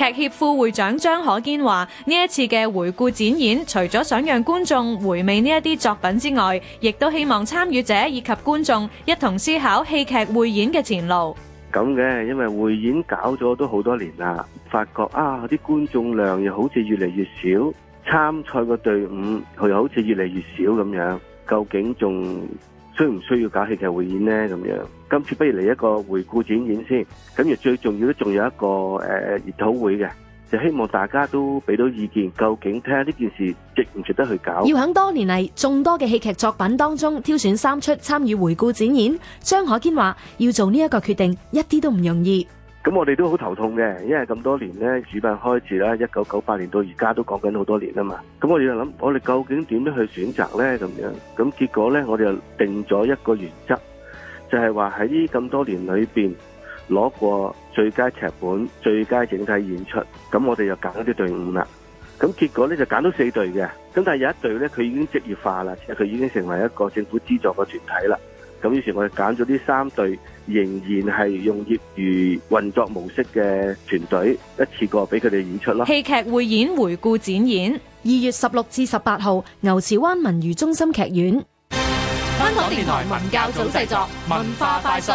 劇協副會長張可堅話：呢一次嘅回顧展演，除咗想讓觀眾回味呢一啲作品之外，亦都希望參與者以及觀眾一同思考戲劇滙演嘅前路。咁嘅，因為滙演搞咗都好多年啦，發覺啊，啲觀眾量又好似越嚟越少，參賽嘅隊伍佢又好似越嚟越少咁樣，究竟仲？需唔需要搞戲劇匯演呢？咁樣今次不如嚟一個回顧展演先，咁而最重要都仲有一個誒研討會嘅，就希望大家都俾到意見，究竟睇下呢件事值唔值得去搞。要喺多年嚟眾多嘅戲劇作品當中挑選三齣參與回顧展演，張可堅話要做呢一個決定一啲都唔容易。咁我哋都好頭痛嘅，因為咁多年呢，主辦開始啦，一九九八年到而家都講緊好多年啊嘛。咁我哋就諗，我哋究竟點樣去選擇呢？咁樣，咁結果呢，我哋就定咗一個原則，就係話喺呢咁多年裏邊攞過最佳劇本、最佳整體演出，咁我哋就揀一啲隊伍啦。咁結果呢，就揀到四隊嘅，咁但係有一隊呢，佢已經職業化啦，佢已經成為一個政府資助嘅團體啦。咁於是，以前我哋揀咗呢三隊仍然係用業餘運作模式嘅團隊，一次過俾佢哋演出咯。戲劇匯演回顧展演，二月十六至十八號，牛池灣文娛中心劇院。香港電台文教組製作，文化快訊。